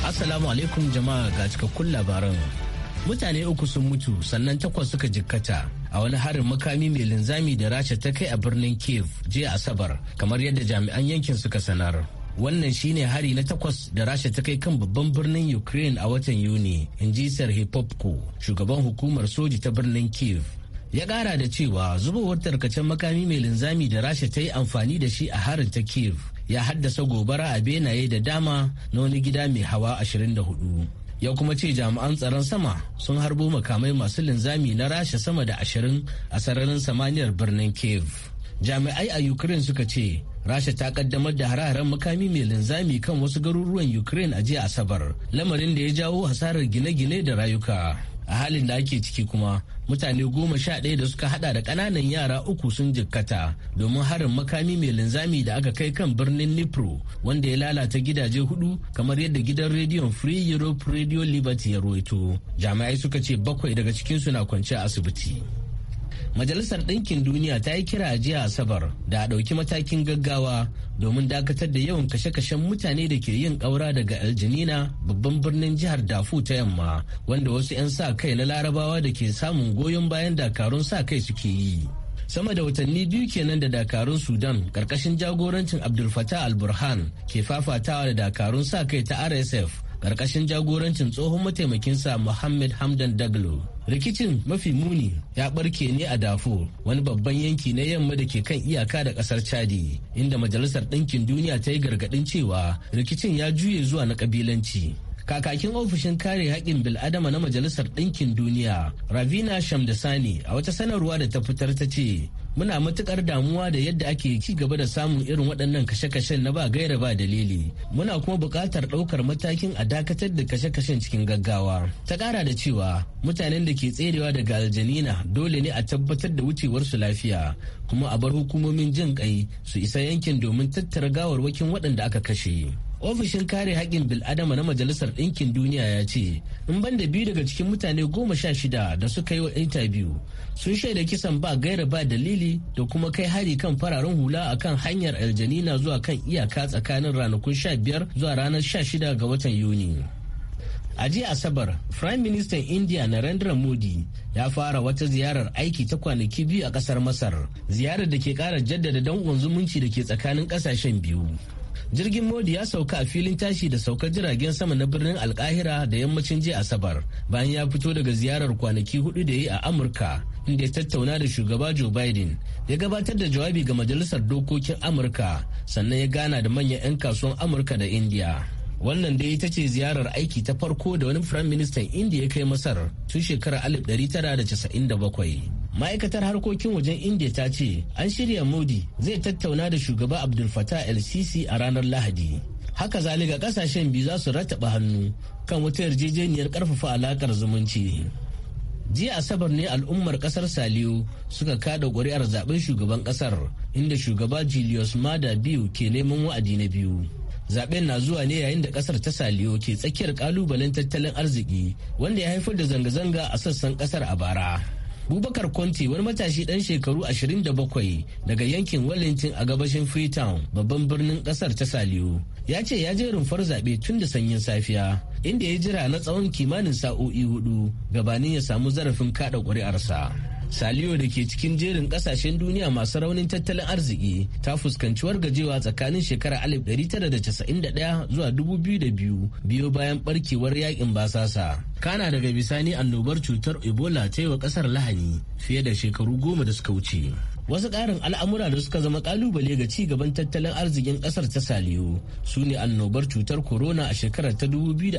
Assalamu alaikum jama'a ga cikakkun labaran. Mutane uku sun mutu sannan takwas suka jikkata a wani harin makami mai linzami da rasha ta kai a birnin Kiev jiya Asabar kamar yadda jami'an yankin suka sanar. Wannan shine hari na takwas da rasha ta kai kan babban birnin Ukraine a watan Yuni, in ji Popko, shugaban hukumar soji ta birnin Kiev. ya kara da cewa zubowar tarkacen makami mai linzami da rasha ta yi amfani da shi a harin ta kiev ya haddasa gobara a benaye da dama na wani gida mai hawa 24 ya kuma ce jami'an tsaron sama sun harbo makamai masu linzami na rasha sama da 20 a sararin samaniyar birnin kiev jami'ai a ukraine suka ce rasha ta kaddamar da hararen makami mai linzami kan wasu garuruwan ukraine a jiya asabar lamarin da ya jawo hasarar gine-gine da rayuka a halin da ake ciki kuma mutane goma sha ɗaya da suka hada da ƙananan yara uku sun jikkata domin harin makami mai linzami da aka kai kan birnin nipro wanda ya lalata gidaje hudu kamar yadda gidan rediyon free europe radio liberty ya ruwaito jami'ai suka ce bakwai daga cikinsu na kwance a asibiti Majalisar Ɗinkin Duniya ta yi kira jiya Asabar da a ɗauki matakin gaggawa domin dakatar da yawan kashe-kashen mutane da ke yin ƙaura daga Aljanina babban birnin jihar Dafu ta yamma wanda wasu 'yan sa kai na larabawa da ke samun goyon bayan dakarun sa kai suke yi. sama da watanni biyu kenan da dakarun sudan karkashin jagorancin abdulfatah alburhan al ke fafatawa da dakarun sa kai ta rsf karkashin jagorancin tsohon mataimakinsa Muhammad Hamdan Daglo. Rikicin mafi muni ya barke ne a dafo wani babban yanki na yamma da ke kan iyaka da kasar Chadi, inda Majalisar Ɗinkin Duniya ta yi gargaɗin cewa rikicin ya juye zuwa na kabilanci. Kakakin ofishin kare haƙƙin bil'adama na Majalisar Ɗinkin Duniya, Ravina Shamdasani, a wata sanarwa da ta fitar ta ce, muna matukar damuwa da yadda ake ci gaba da samun irin waɗannan kashe-kashen na ba gaira ba dalili muna kuma buƙatar ɗaukar matakin a dakatar da kashe-kashen cikin gaggawa ta ƙara da cewa mutanen da ke tserewa daga aljanina dole ne a tabbatar da wucewarsu lafiya kuma a bar hukumomin jin ƙai su isa yankin domin tattara gawarwakin waɗanda aka kashe. ofishin kare haƙƙin bil'adama na majalisar ɗinkin duniya ya ce in ban da biyu daga cikin mutane goma sha shida da suka yi wa intabiyu sun shaida kisan ba gaira ba dalili da kuma kai hari kan fararen hula a kan hanyar aljanina zuwa kan iyaka tsakanin ranakun sha biyar zuwa ranar sha shida ga watan yuni a jiya asabar prime minister india narendra modi ya fara wata ziyarar aiki ta kwanaki biyu a kasar masar ziyarar da ke kara jaddada dan uwan zumunci da ke tsakanin kasashen biyu jirgin modi ya sauka a filin tashi da saukar jiragen sama na birnin alkahira da yammacin jiya asabar bayan ya fito daga ziyarar kwanaki hudu da yi a amurka inda ya tattauna da shugaba joe biden ya gabatar da jawabi ga majalisar dokokin amurka sannan ya gana da manyan 'yan kasuwan amurka da india wannan dai ita ce ziyarar aiki ta farko da wani firayim ministan indiya ya kai masar tun shekarar 1997 ma'aikatar harkokin wajen india ta ce an shirya modi zai tattauna da shugaba abdul fatah el sisi a ranar lahadi haka zalika kasashen biyu za su rataba hannu kan wata yarjejeniyar karfafa alakar zumunci jiya asabar ne al'ummar kasar saliyo suka kada ƙuri'ar zaben shugaban kasar inda shugaba julius mada biyu ke neman wa'adi na biyu zaben na zuwa ne yayin da kasar ta saliyo ke tsakiyar kalubalen tattalin arziki wanda ya haifar da zanga-zanga a sassan kasar a bara Bubakar Conte wani matashi dan shekaru 27 daga yankin Wellington a gabashin Freetown babban birnin kasar ta Saliyo ya ce ya je rumfar zabe tun da sanyin safiya inda ya jira na tsawon kimanin sa'o'i hudu gabanin ya samu zarafin kada ƙuri'arsa. saliyo da ke cikin jerin kasashen duniya masu raunin tattalin arziki ta fuskanci wargajewa tsakanin shekarar 1991 zuwa 2002 biyo bayan barkewar yakin basasa kana daga bisani annobar cutar ebola ta yi wa kasar lahani fiye da shekaru goma da suka wuce wasu ƙarin al'amura da suka zama kalubale ga ci gaban tattalin arzikin ƙasar ta saliyo su ne annobar cutar corona a shekarar ta 2020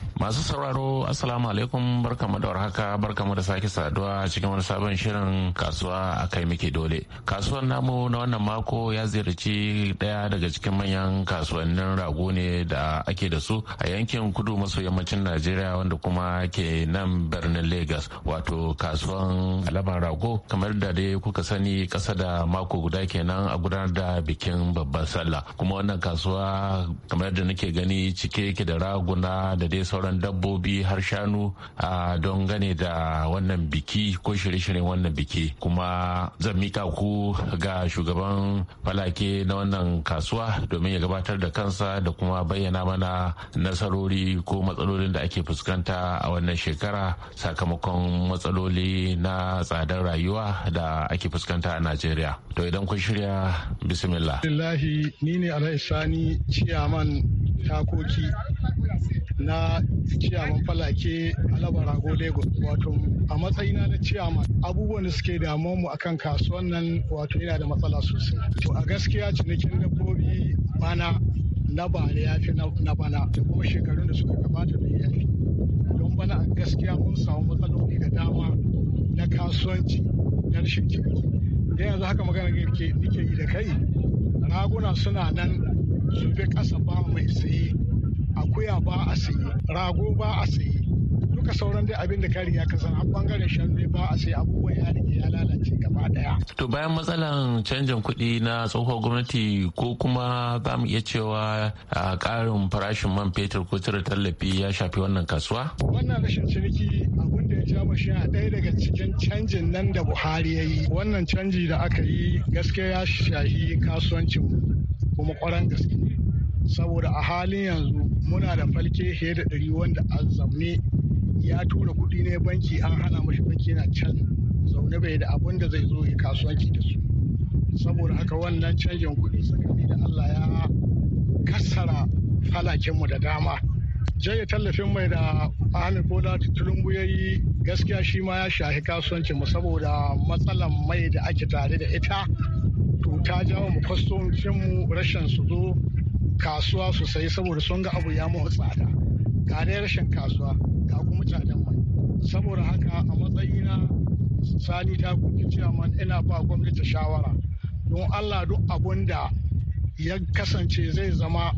Masu sauraro Assalamu alaikum barkamu da warhaka barkamu da sake saduwa cikin wani sabon shirin kasuwa a kai muke dole. Kasuwar namu na wannan mako ya ziyarci daya daga cikin manyan kasuwannin rago ne da ake da su a yankin kudu maso yammacin Najeriya wanda kuma ke nan birnin Lagos wato kasuwan alaban rago kamar da dai kuka sani kasa da mako guda kenan a gudanar da bikin babban sallah kuma wannan kasuwa kamar da nake gani cike ke da raguna da dai sauran sauran dabbobi har shanu a don gane da wannan biki ko shirye-shiryen wannan biki kuma zan mika ku ga shugaban falake na wannan kasuwa domin ya gabatar da kansa da kuma bayyana mana nasarori ko matsalolin da ake fuskanta a wannan shekara sakamakon matsaloli na tsadar rayuwa da ake fuskanta a najeriya to idan kun shirya bismillah ni ne alhaisani takoki na ciyaman falake alaba rago lagos wato a matsayina na ciyaman abubuwan da suke damuwa mu akan kasuwan nan wato yana da matsala sosai to a gaskiya cinikin dabbobi bana na bare ya fi na bana da kuma shekarun da suka gabata da ya fi don bana a gaskiya mun samu matsaloli da dama na kasuwanci na rashin ciniki da yanzu haka magana nike yi da kai raguna suna nan zube kasa ba mai saye akuya ba a saye rago ba a saye duka sauran dai abin da ka riga ka san bangaren shanu ba a sai abubuwan ya rike ya lalace gaba daya. To bayan matsalan canjin kuɗi na tsohuwar gwamnati ko kuma za mu iya cewa a ƙarin farashin man fetur ko cire tallafi ya shafi wannan kasuwa? Wannan rashin ciniki abunda da ya ja mashi a ɗaya daga cikin canjin nan da Buhari ya yi. Wannan canji da aka yi gaskiya ya shahi kasuwancin kuma kwaran gaske. saboda a halin yanzu muna da falke fiye da ɗari wanda a zaune ya tura kuɗi ne banki an hana mashi banki yana can zaune bai da abin da zai zo ya kasuwanci da su saboda haka wannan canjin kuɗi tsakani da allah ya kassara falakinmu da dama jaya tallafin mai da ahalin bola tulumbu ya yi gaskiya shi ma ya shahi kasuwancin mu saboda matsalan mai da ake tare da ita to ta jawo mu kwastocinmu rashin su zo kasuwa sosai saboda sun ga abu ya mawa tsada ga dai rashin kasuwa ga kuma tsadan mai saboda haka a matsayina sani ta kuke cewa ina ba gwamnati shawara don allah duk abun da ya kasance zai zama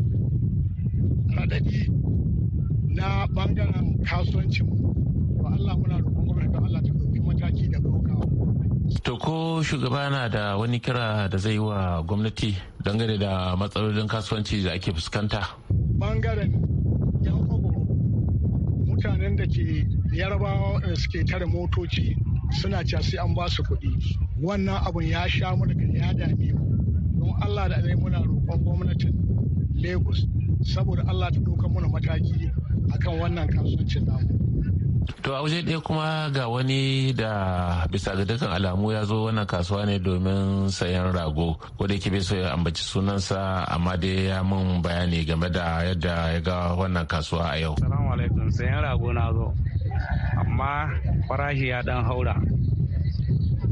raɗaɗi na bangaren kasuwancin to allah muna roƙon To ko shugaba na da wani kira da zai yi wa gwamnati dangane da matsalolin kasuwanci da ake fuskanta? Bangaren yan mutanen da ke yarabawa eh, suke tare motoci suna cewa sai an ba su kuɗi. Wannan abun ya sha mana ya dame mu. Don Allah da alai muna roƙon gwamnatin Lagos saboda Allah ta ɗauka mana mataki akan wannan kasuwancin namu. To a waje ɗaya kuma ga wani da bisa ga dukkan alamu ya zo wannan kasuwa ne domin sayan rago ko da yake bai so ya ambaci sunansa amma dai ya mun bayani game da yadda ya ga wannan kasuwa a yau. Salamu alaikum sayan rago na zo amma farashi ya dan haura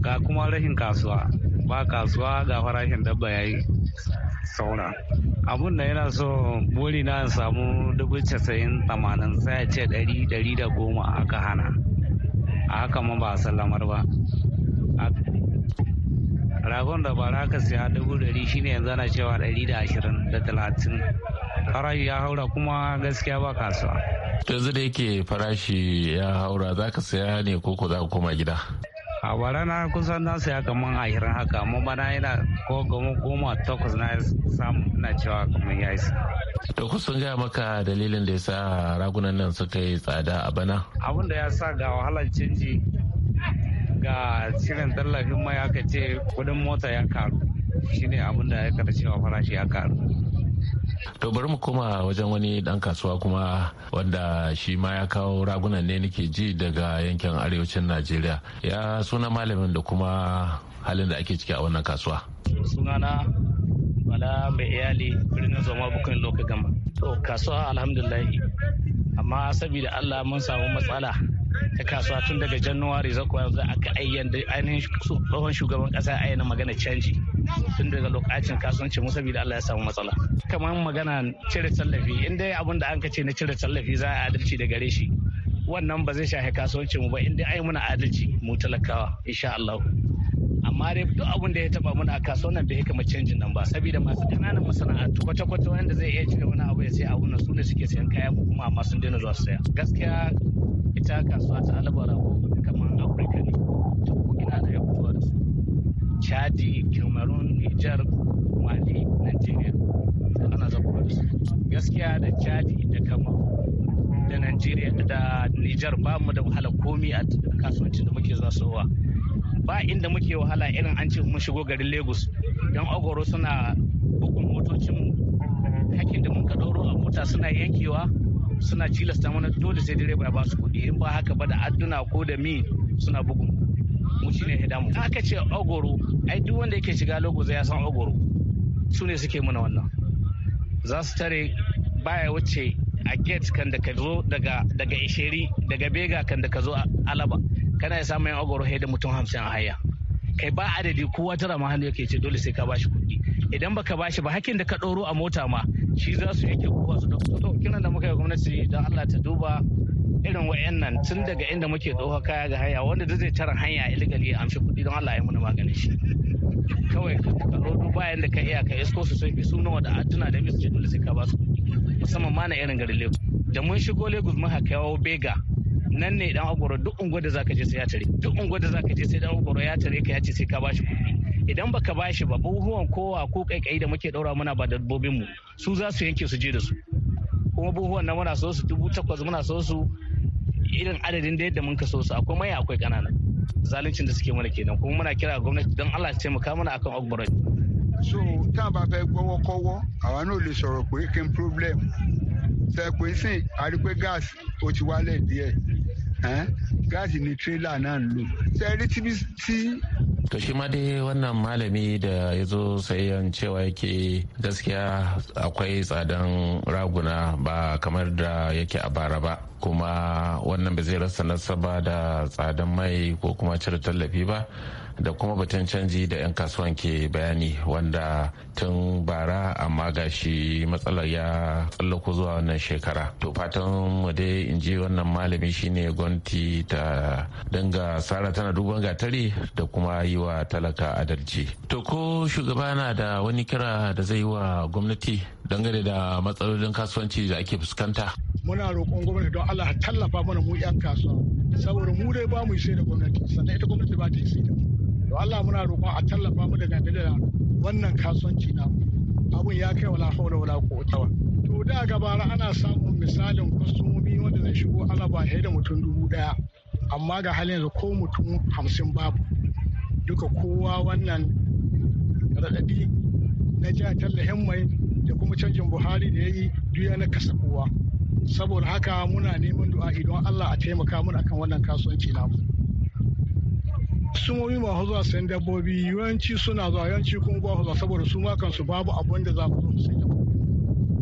ga kuma rashin kasuwa ba kasuwa ga farashin dabba ya yi. saura abun da yana so buri na samu dubu casa'in tamanin sai a ce ɗari ɗari da goma aka hana a haka ma ba a sallamar ba ragon da bara ka siya dubu ɗari shine yanzu ana cewa ɗari da ashirin da talatin farashi ya haura kuma gaskiya ba kasuwa yanzu da yake farashi ya haura za ka saya ne ko ko za ka koma gida a bara na kusan na saya kaman ahirin haka amma bana yana ko goma goma takwas na samu na cewa kamar ya isa to kusan gaya maka dalilin da ya sa ragunan nan suka yi tsada a bana abin da ya sa ga wahalar canji ga shirin tallafin mai aka ce kudin mota ya karu shine abin da ya karshe cewa farashi ya karu to bari mu koma wajen wani dan kasuwa kuma wanda shi ma ya kawo ragunan ne nake ji daga yankin arewacin najeriya ya suna malamin da kuma halin da ake ciki a wannan kasuwa sunana bala mai iyali birnin zama bukan lokacin to kasuwa alhamdulillah amma sabida allah mun samu matsala ta kasuwa tun daga januwari za kuwa za aka da ainihin tsohon shugaban kasa a yana magana canji tun daga lokacin kasuwanci mu saboda Allah ya samu matsala kamar magana cire tallafi in dai abin da an ka ce na cire tallafi za a adalci da gare shi wannan ba zai shafe kasuwanci mu ba in dai ai muna adalci mu talakawa insha Allah amma dai duk abin da ya taba mana a da ya kama canjin nan ba saboda masu kananan masana'antu kwata-kwata wanda zai iya cire wani abu ya sai a wannan su ne suke sayan kaya ko kuma amma sun daina zuwa saya gaskiya ita kasuwa ta alabara ko kamar afirka ne ta ina da ya da su chadi cameroon niger mali nigeria ana zaburar da su gaskiya da chadi da kamar da nigeria da niger ba mu da wahala komi a kasuwancin da muke zuwa ba inda muke wahala irin an ce mun shigo garin lagos don agoro suna bugun motocin hakin da mun ka a mota suna yankewa suna cilasta mana dole sai direba ya ba su kuɗi in ba haka ba da adduna ko da mi suna bugun mu shi ne hidamu aka ce ogoro ai duk wanda yake shiga logo zai san ogoro su ne suke mana wannan za su tare baya wuce a gate kan da ka zo daga daga isheri daga bega kan da ka zo alaba kana ya samun ogoro da mutum hamsin a haya kai ba adadi kowa tara ma hannu yake ce dole sai ka bashi kuɗi idan baka bashi ba hakin da ka ɗoro a mota ma shi za su yake kowa ba su dauka to kiran da muka yi gwamnati don Allah ta duba irin wayannan tun daga inda muke ɗauka kaya ga haya wanda duk zai tara hanya illegal ya amshi kuɗi don Allah ya muna maganin shi kawai ka rodo bayan da ka iya ka isko su sai su nawa da aduna da misu dole sai ka ba su musamman ma na irin garin Lagos da mun shigo Lagos mun haka yawo bega nan ne dan agoro duk unguwar da zaka je sai ya tare duk unguwar da zaka je sai dan agoro ya tare ka ya ce sai ka ba shi kuɗi idan baka ba shi ba buhuwan kowa ko kaikai da muke daura muna ba dabbobin mu su za su yanke su je da su kuma buhuwan na muna so su dubu takwas muna so su irin adadin da yadda mun ka so su akwai maya akwai kanana zaluncin da suke mana kenan kuma muna kira gwamnati don Allah ta taimaka mana akan ogborai so ta a bá fẹ́ gbọ́wọ́kọ́wọ́ àwa náà lè sọ̀rọ̀ pé kí n problem ṣe pé a ri pe gas o ti die eh gas ni na náà ń ri ti bi ti to shi ma dai wannan malami da ya zo sayan cewa yake gaskiya akwai tsadan raguna ba kamar da yake a bara ba kuma wannan ba zai rasa nasaba da tsadan mai ko kuma cire tallafi ba da kuma batun canji da 'yan kasuwan ke bayani wanda tun bara amma gashi matsalar ya tsallako zuwa wannan shekara to fatan mu dai in ji wannan malami shine gwamnati ta dinga tsara tana duban gatari da kuma yi wa talaka adalci to ko shugaba na da wani kira da zai yi wa gwamnati dangane da matsalolin kasuwanci da ake fuskanta muna roƙon gwamnati don Allah tallafa mana mu 'yan kasuwa saboda mu dai ba mu sai da gwamnati sannan ita gwamnati ba ta yi sai da to Allah muna roƙon a tallafa mu daga da wannan kasuwanci na abun ya kai wala haula wala quwwata to da gabara ana samun misalin kwastomomi wanda zai shigo ana ba da mutum dubu daya amma ga halin yanzu ko mutum hamsin babu duka kowa wannan raɗaɗi na jihar tallahin mai da kuma canjin buhari da ya yi duk na kasa kowa saboda haka muna neman du'a idan Allah a taimaka mun akan wannan kasuwanci namu sumomi masu zuwa sayan dabbobi yawanci suna zuwa yawanci kun gwa zuwa saboda su ma kansu babu abin da za ku zo sayan dabbobi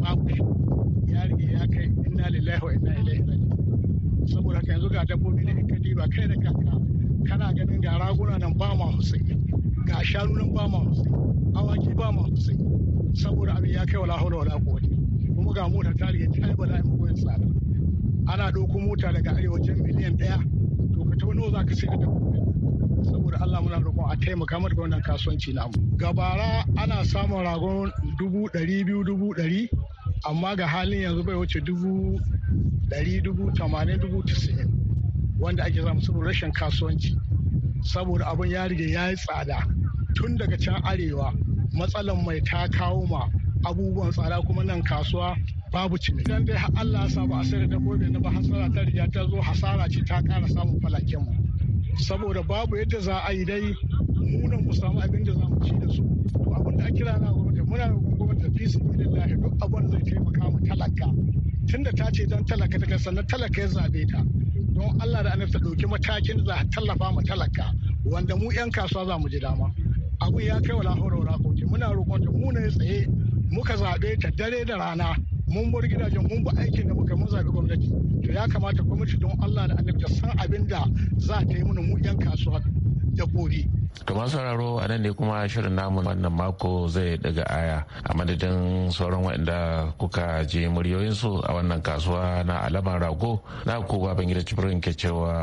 babu ya rige ya kai inna lillahi wa inna ilaihi raji'un saboda haka yanzu ga dabbobi ne ka diba kai da kanka kana ganin ga raguna nan ba ma sayi ga shanu nan ba ma sayi awaki ba ma sayi saboda abin ya kai wala hawla wala quwwata kuma ga mota ta rige ta yi bala'in mugun tsada ana ɗauko mota daga arewacin miliyan ɗaya to ka tauno za ka sai da saboda Allah muna roƙon a taimaka mata da wannan kasuwanci namu gabara ana samun ragon dubu ɗari biyu dubu ɗari amma ga halin yanzu bai wuce dubu ɗari dubu tamanin dubu tisa'in wanda ake samu saboda rashin kasuwanci saboda abin ya rige ya yi tsada tun daga can arewa matsalan mai ta kawo ma abubuwan tsada kuma nan kasuwa babu ciniki. Idan dai Allah ya sa ba a da dabbobi na ba hasara ta riga ta zo hasara ce ta kara samun falaken mu. Saboda babu yadda za a yi dai munan mu samu abin da za mu ci da su. To abin da a kira na gwamnati muna da gwamnati fi su duk abin zai taimaka mu talaka. Tunda ta ce don talaka ta sannan talaka ya zabe ta. Don Allah da annabi ta ɗauki matakin da za a tallafa mu talaka wanda mu 'yan kasuwa za mu ji dama. Abu ya kai wa lahoro rakoti muna roƙon da mu ne tsaye muka zaɓe ta dare da rana mun bar gidajen mun bi aikin da muka mun zaɓi gwamnati to ya kamata gwamnati don Allah da annabi ta san abin da za ta yi mana mu yan kasuwa da kori. To sauraro a nan ne kuma shirin namu wannan mako zai daga aya a madadin sauran waɗanda kuka je muryoyinsu a wannan kasuwa na alaman rago na ku babangida gida cibirin ke cewa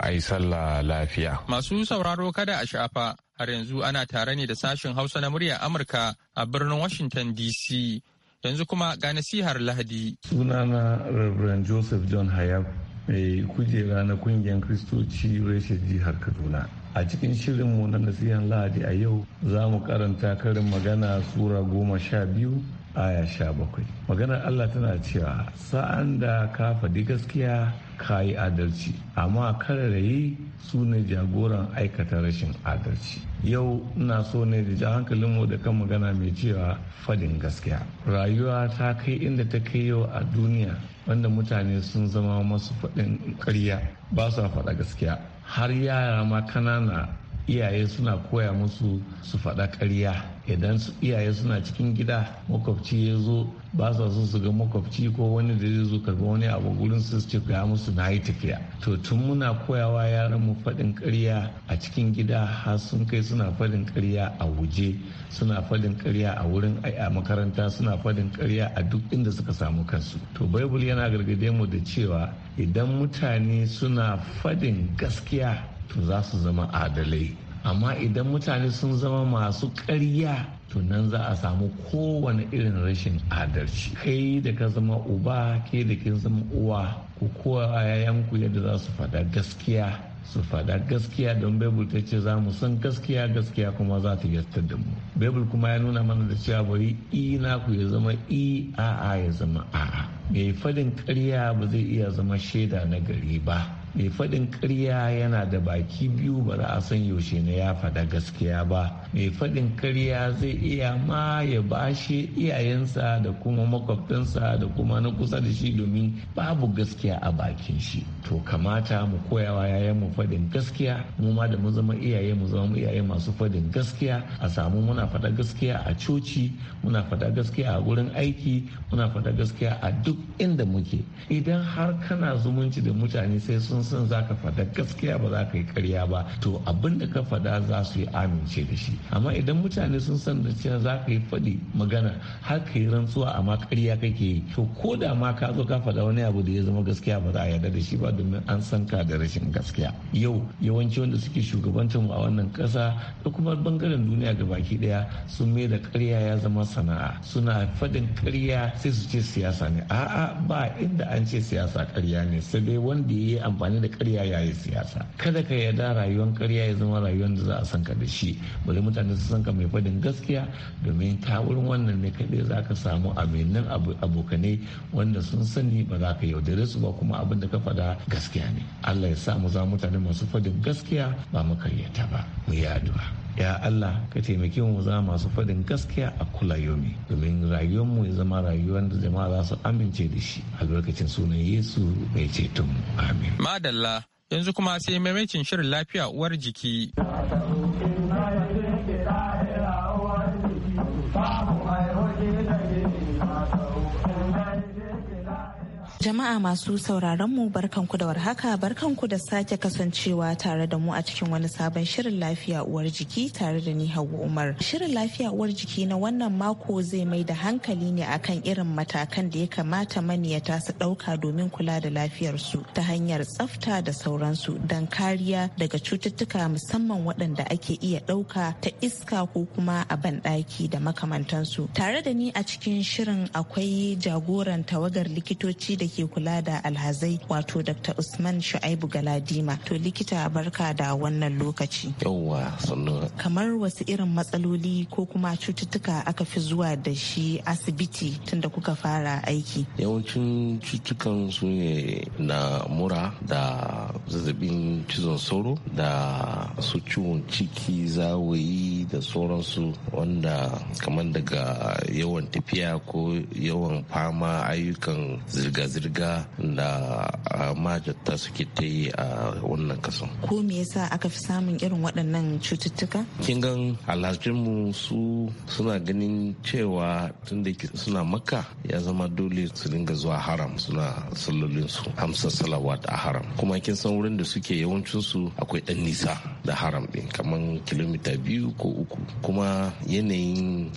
ai sallah lafiya. Masu sauraro kada a shafa har yanzu ana tare ne da sashen Hausa na murya Amurka a birnin Washington DC. Yanzu kuma ga nasihar Lahadi. Sunana Reverend Joseph John Hayab mai kujera na kungiyar Kristoci reshe jihar Kaduna. A cikin shirinmu na nasihar Lahadi a yau za mu karanta karin magana Sura goma sha biyu aya sha bakwai maganar allah tana cewa sa'an da ka faɗi gaskiya ka yi adalci amma kararrayi su ne jagoran aikata rashin adalci yau ina so ne da ja hankalinmu da kan magana mai cewa fadin gaskiya rayuwa ta kai inda ta kai yau a duniya wanda mutane sun zama masu faɗin karya ba su faɗa gaskiya har yara ma kanana iyaye suna koya musu su faɗa ƙarya idan iyaye suna cikin gida makwabci ya zo ba sa so su ga makwabci ko wani da zai zo karba wani abu gurin su ce ga musu na yi tafiya to tun muna koyawa yaran mu faɗin ƙarya a cikin gida har sun kai suna faɗin ƙarya a waje suna faɗin ƙarya a wurin a makaranta suna faɗin ƙarya a duk inda suka samu kansu to baibul yana gargade mu da cewa idan mutane suna faɗin gaskiya to za su zama adalai amma idan mutane sun zama masu ƙarya to nan za a samu kowane irin rashin adalci kai da ka zama uba ke da kin zama uwa ku kowa yayanku yadda za su fada gaskiya su fada gaskiya don bebul ta ce za mu san gaskiya gaskiya kuma za ta yadda da mu bebul kuma ya nuna mana da cewa bari i naku ya zama i a'a ya zama a'a mai fadin karya ba zai iya zama shaida na gari ba mai faɗin karya yana da baki biyu ba za a san yaushe na ya faɗa gaskiya ba mai faɗin karya zai iya ma ya bashe iyayensa da kuma makwabtansa da kuma na kusa da shi domin babu gaskiya a bakin shi to kamata mu koyawa yayan mu faɗin gaskiya mu ma da mu zama iyaye mu zama iyaye masu faɗin gaskiya a samu muna faɗa gaskiya a coci muna fada gaskiya a gurin aiki muna faɗa gaskiya a duk inda muke idan har kana zumunci da mutane sai sun san zaka fada gaskiya ba za ka yi karya ba to abin da ka faɗa za su yi amince da shi amma idan mutane sun san da cewa za ka yi faɗi magana har ka yi rantsuwa amma karya kake yi to ko da ma ka zo ka faɗa wani abu da ya zama gaskiya ba za a yarda da shi ba nan an san ka da rashin gaskiya yau yawanci wanda suke shugabantar mu a wannan ƙasa da kuma bangaren duniya ga baki ɗaya sun mai da ƙarya ya zama sana'a suna faɗin ƙarya sai su ce siyasa ne a'a ba inda an ce siyasa ƙarya ne sai dai wanda ya yi amfani da ƙarya ya yi siyasa kada ka yarda rayuwar ƙarya ya zama rayuwar da za a san ka da shi bari mutane su san ka mai faɗin gaskiya domin ta wurin wannan ne kaɗai za ka samu aminan abokanai wanda sun sani ba za ka yaudare su ba kuma abin da ka faɗa gaskiya ne allah ya sa mu za mutane masu fadin gaskiya ba mu karyata ba mu yi addu'a ya Allah ka taimake mu za masu faɗin gaskiya a kula yomi domin mu ya zama rayuwar da jama'a za su amince da shi albarkacin sunan Yesu mai ceton mu amin madalla yanzu kuma sai maimakin shirin lafiya uwar jiki Jama'a masu sauraron mu barkanku da warhaka barkanku da sake kasancewa tare da mu a cikin wani sabon shirin lafiya uwar jiki tare da ni Hauwa Umar. Shirin lafiya uwar jiki na wannan mako zai mai da hankali ne akan irin matakan da ya kamata maniyata su ɗauka domin kula da lafiyarsu ta hanyar tsafta da sauransu don kariya daga cututtuka musamman waɗanda ake iya ɗauka ta iska ko kuma a banɗaki da makamantansu. Tare da ni a cikin shirin akwai jagoran tawagar likitoci da ke kula da alhazai wato Dr. Usman Shu'aibu Galadima. To likita barka da wannan lokaci. Yawwa sannu. Kamar wasu irin matsaloli ko kuma cututtuka aka fi zuwa da shi asibiti tunda kuka fara aiki. Yawancin cututtukan su ne na mura da zazzabin cizon sauro da su ciwon ciki zawayi da sauransu wanda kamar daga yawan tafiya ko yawan fama ayyukan zirga-zirga zirga da majatta suke ta yi a wannan kaso. Ko me yasa aka fi samun irin waɗannan cututtuka? Kin gan alhajinmu su suna ganin cewa tun da suna maka ya zama dole su dinga zuwa haram suna su hamsa salawat a haram. Kuma kin san wurin da suke yawancin su akwai ɗan nisa da haram ɗin kamar kilomita biyu ko uku. Kuma yanayin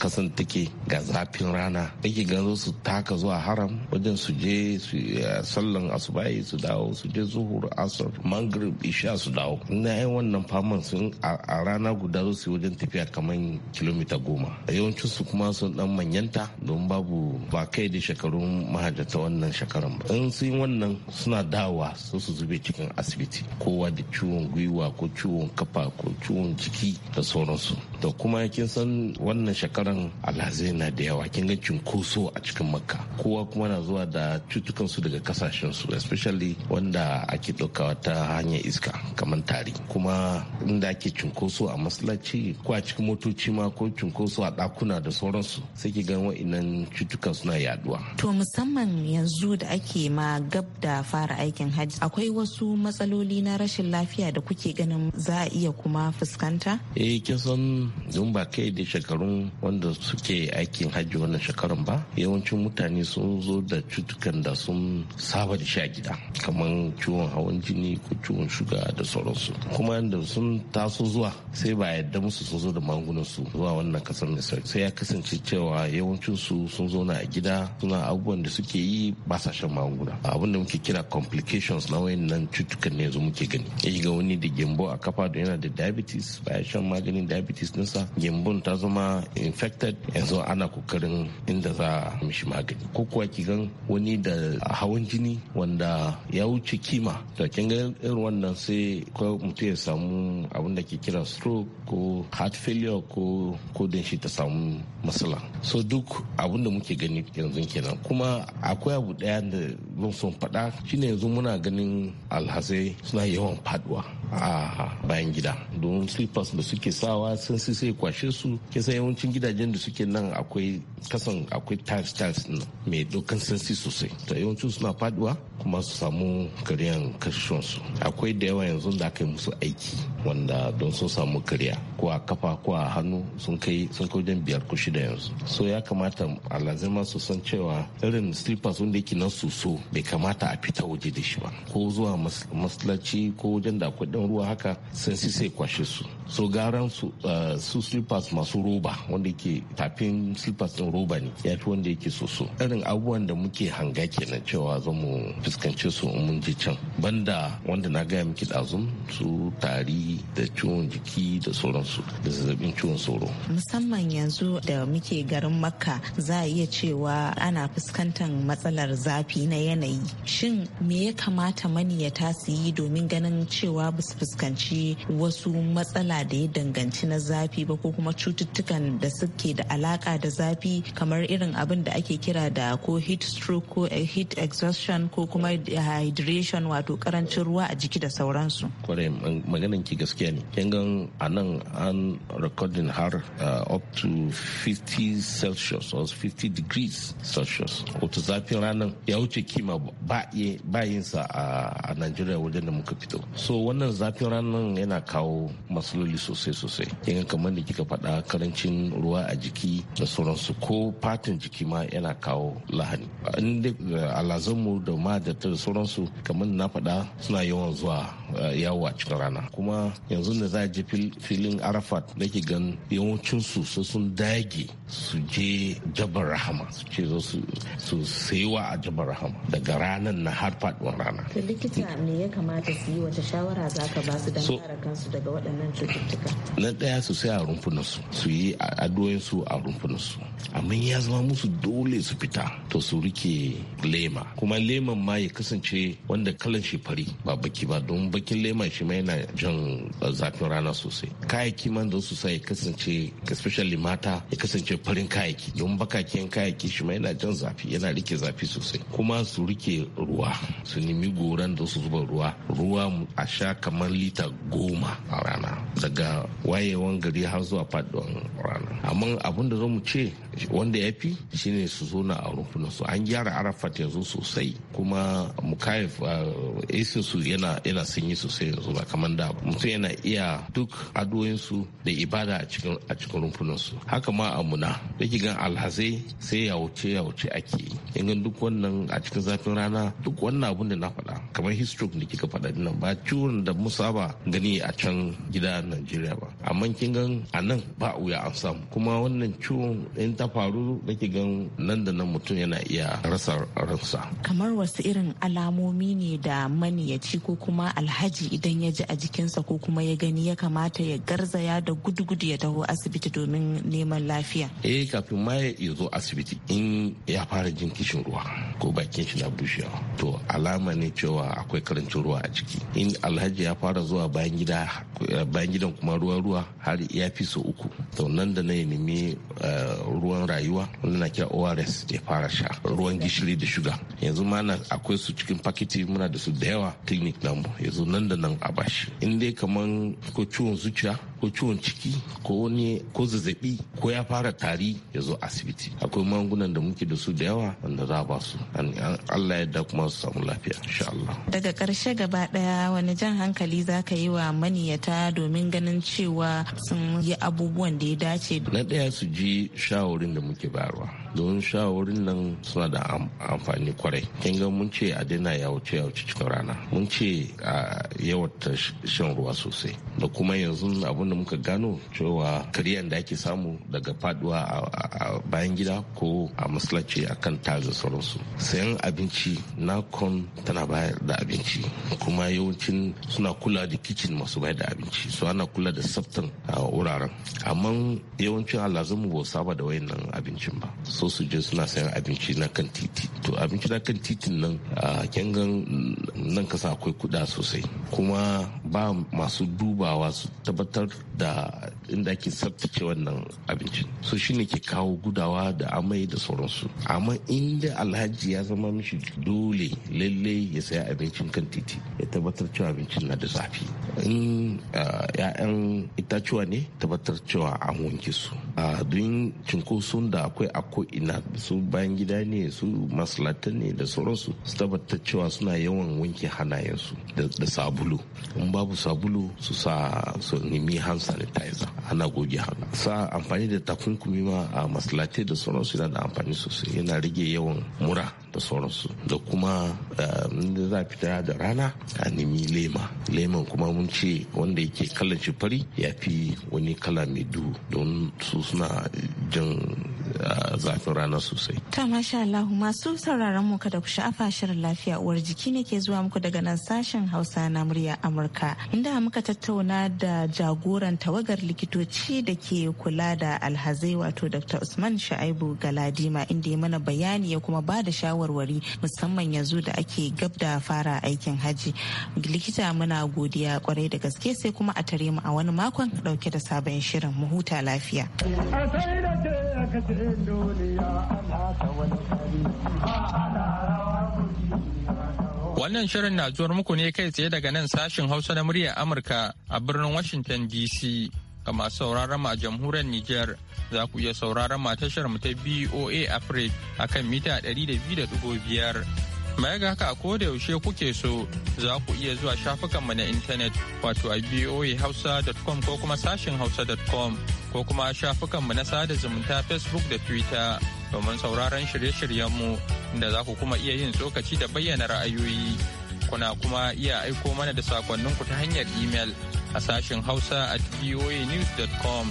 kasan take ga zafin rana. Ake gan su taka zuwa haram wajen su je su eh, sallan asubahi su dawo su je zuhur asar mangrib isha su dawo na yan wannan faman sun a rana guda zo su wajen tafiya kamar kilomita goma yawancin su kuma sun dan manyanta don babu ba kai da shekarun mahajjata wannan shekaran ba in sun wannan suna dawa su su zube cikin asibiti kowa da ciwon gwiwa ko ciwon kafa ko ciwon jiki da sauransu da kuma kin san wannan shekaran alhazai na da yawa kin ga cinkoso a cikin makka kowa kuma na zuwa da a cutukansu daga kasashensu especially wanda ake ɗaukawa ta hanyar iska kamar tari kuma inda ake cunkoso a masallaci ko a cikin motoci ma ko cunkoso a ɗakuna da sauransu sai ki gan wa'innan cutukan suna yaduwa. To musamman yanzu da ake ma gab da fara aikin hajji akwai wasu matsaloli na rashin lafiya da kuke ganin za a iya kuma fuskanta? Eh kin san don ba kai da shekarun wanda suke aikin hajji wannan shekarun ba yawancin mutane sun zo da cutukan cututtukan da sun saba da shi a gida kamar ciwon hawan jini ko ciwon shuga da sauransu kuma da sun taso zuwa sai ba yadda musu sun zo da mangunan su zuwa wannan kasar misali sai ya kasance cewa yawancin su sun zo na a gida suna abubuwan da suke yi ba sa shan magunguna abin da muke kira complications na wayannan cutukan ne yanzu muke gani ya ga wani da gembo a kafa da yana da diabetes baya shan maganin diabetes dinsa gembon ta zama infected yanzu ana kokarin inda za a mishi magani ko kuwa ki gan wani da hawan jini wanda ya wuce kima da kin ga irin wannan sai ko mutum ya samu abin da ke kira stroke ko heart failure ko kodin shi ta samu matsala so duk abin da muke gani yanzu kenan kuma akwai abu daya da zan son faɗa shine yanzu muna ganin alhazai suna yawan faduwa a bayan gida domin slippers da suke sawa sun sai sai kwashe su kisa yawancin gidajen da suke nan akwai kasan akwai tiles tiles mai dokan sansi sosai sosai ta yawancin suna faduwa kuma su samu karyan su. akwai da yawa yanzu da aka yi musu aiki wanda don sun samu karya ko a kafa ko a hannu sun kai sun kai wajen biyar ko shida yanzu so ya kamata alazima su san cewa irin slippers wanda yake nan soso bai kamata a fita waje da shi ba ko zuwa masallaci ko wajen da akwai dan ruwa haka sun sai kwashe su so garan eh, su slippers masu roba wanda ke tafin slippers din roba ne ya fi wanda yake soso irin abubuwan da muke hanga kenan cewa za mu fuskance su mun ji can banda wanda na gaya miki ɗazun su tari da ciwon jiki da sauransu da zazzabin ciwon sauro musamman yanzu da muke garin makka za a iya cewa ana fuskantar matsalar zafi na yanayi shin me ya kamata maniyata su yi domin ganin cewa ba su fuskanci wasu matsala da ya danganci na zafi ba ko kuma cututtukan da suke da alaka da zafi kamar irin abin da ake kira da ko heat stroke ko eh, heat exhaustion ko kuma dehydration eh, wato karancin ruwa a jiki da sauransu. Kwarai maganin ki gaskiya ne. Kin gan a nan an recording har eh, up to 50 celsius or 50 degrees celsius wato zafin ranar ya wuce kima ba yin sa a Najeriya wajen da muka fito. So wannan zafin ranar yana kawo masu matsaloli sosai sosai kin kamar da kika faɗa karancin ruwa a jiki da sauransu ko fatin jiki ma yana kawo lahani in eh, alazanmu da ma da sauransu kamar na faɗa suna yawan zuwa eh, yawo a cikin rana kuma yanzu da za a je filin arafat ke gan yawancin su sun dage su je jabar rahama su ce su saiwa a jabar rahama daga ranar na har faduwar rana. to likita me ya kamata su yi wata shawara za ka ba su don kare kansu daga waɗannan cututtuka cututtuka na ɗaya su sai a rumfunansu su yi addu'o'insu a rumfunansu amma ya zama musu dole su fita to su rike lema kuma leman ma ya kasance wanda kalan shi fari ba baki ba don bakin leman shi ma yana jan zafin rana sosai kayaki man don su sa ya kasance especially mata ya kasance farin kayaki don bakakin kayaki shi ma yana jan zafi yana rike zafi sosai kuma su rike ruwa su nemi goran don su zuba ruwa ruwa a sha kamar lita goma a rana daga wayewan gari har zuwa faɗin rana amma abin da zamu ce wanda ya fi shine su zo na a rumfunan su an gyara arafat yanzu sosai kuma mukayif isin eh, su yana yana sanyi sosai yanzu ba kamar da mutum yana iya duk su da ibada a cikin a cikin rumfunan su haka ma a muna da gan alhazai sai ya wuce ya wuce ake in duk wannan a cikin zafin rana duk wannan abun da na faɗa kamar history da kika faɗa dinnan ba ciwon da musaba gani a can gida na najeriya ba amma kin gan a nan ba wuya an samu kuma wannan ciwon in ta faru nake gan nan da nan mutum yana iya rasa ransa kamar wasu irin alamomi ne da maniyaci ko kuma alhaji idan ya ji a jikinsa ko kuma ya gani ya kamata ya garzaya da gudu-gudu ya taho asibiti domin neman lafiya eh kafin ma ya zo asibiti in ya fara jin kishin ruwa ko bakin shi na bushewa to alama ne cewa akwai karancin ruwa a jiki in alhaji ya fara zuwa bayan gida gidan kuma ruwan ruwa har ya fi so uku to nan da na ya nemi eh, ruwan rayuwa wanda na kira ors ya fara sha ruwan gishiri da shuga yanzu ma na akwai su cikin pakiti muna da su da yawa clinic namu yanzu nan da nan a bashi in dai kaman ko ciwon zuciya ko ciwon ciki ko wani ko zazzabi ko ya fara tari ya zo asibiti akwai magungunan da muke da su da yawa wanda za ba su Allah yadda kuma su samu lafiya insha Allah daga karshe gaba daya wani jan hankali zaka yi wa maniyata domin ganin cewa sun yi abubuwan da ya dace. Na ɗaya su ji shawarin da muke barwa. don shawarin nan suna da amfani kwarai kin ga mun ce a daina ya wuce cikin rana mun ce a yawata shan ruwa sosai da kuma yanzu abin muka gano cewa karyan da ake samu daga faduwa a bayan gida ko a masallaci akan taga sauransu sayan abinci kon tana bayar da abinci kuma yawancin suna kula da kicin masu bayar da abinci su ana kula da tsaftan a wuraren amma yawancin alazunmu ba saba da wayannan abincin ba so wasu su je suna sayan abinci na kan titi to abinci na kan titin nan a kyangan nan kasa akwai kuɗa sosai kuma ba masu dubawa su tabbatar da inda ake tsaftace wannan abinci so shine ke kawo gudawa da amai da sauransu amma inda alhaji ya zama mishi dole lallai ya saya abincin kan titi ya tabbatar cewa abincin na da zafi in ah, ‘ya'yan itacuwa ne tabbatar cewa an wanke su a ah, don cinkoson da akwai a ko'ina su bayan gida ne su masalatan ne da sauransu su tabbatar cewa suna yawan wanke hannayensu da sabulu in babu sabulu su sa su nemi hand sanitizer ana goge hannu sa amfani da takunkumi ma a masalatai da sauransu yana da amfani sosai yana rage yawan mura da sauransu da kuma eh, da za fita da rana a nemi lema leman kuma mun ce wanda yake kalan shi fari ya fi wani kala mai duhu don su suna jan zafin rana sosai. Ta masha Allah masu sauraron mu kada ku sha'afa shirin lafiya uwar jiki ne ke zuwa muku daga nan sashen Hausa na murya Amurka inda muka tattauna da jagoran tawagar likitoci da ke kula da alhazai wato Dr. Usman shaibu Galadima inda ya mana bayani ya kuma ba da shawarwari musamman yanzu da ake gab da fara aikin hajji. Likita muna godiya kwarai da gaske sai kuma a tare mu a wani makon dauke da sabon shirin mu huta lafiya. Wannan shirin na zuwar muku ne kai tsaye daga nan sashin Hausa na muryar Amurka a birnin Washington DC. Ga masu sauraron a jamhuriyar Nijar za ku iya sauraron ma tashar mu ta BOA Africa a kan mita 200.5. Mai ga haka ko da yaushe kuke so za ku iya zuwa shafukanmu na intanet wato a boahausa.com ko kuma sashin hausa.com ko kuma shafukanmu na sada zumunta Facebook da Twitter domin sauraron shirye-shiryenmu inda za ku kuma iya yin tsokaci da bayyana ra'ayoyi. Kuna kuma iya aiko mana da sakonninku ta hanyar email a sashen Hausa at voanews.com.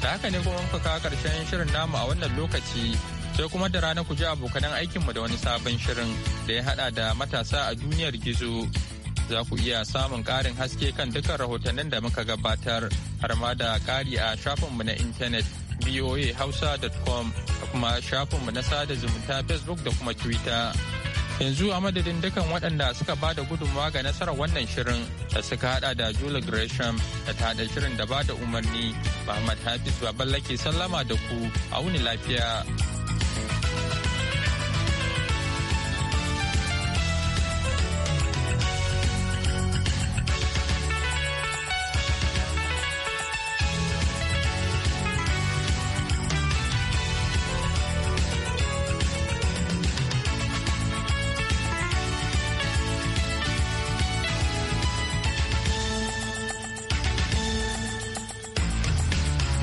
Da haka ne kuma muka kawo karshen shirin namu a wannan lokaci sai kuma da rana ku ji abokanan aikinmu da wani sabon shirin da ya hada da matasa a duniyar gizo. Za ku iya samun karin haske kan dukkan rahotannin da muka gabatar. har ma da kari a shafinmu na intanet hausa.com da kuma shafinmu na sada zumunta facebook da kuma twitter. yanzu a madadin dukan waɗanda suka ba da gudunmawa ga nasarar wannan shirin da suka hada da julie gresham da ta hada shirin da ba da umarni muhammad hafiz baballake sallama da ku a wuni lafiya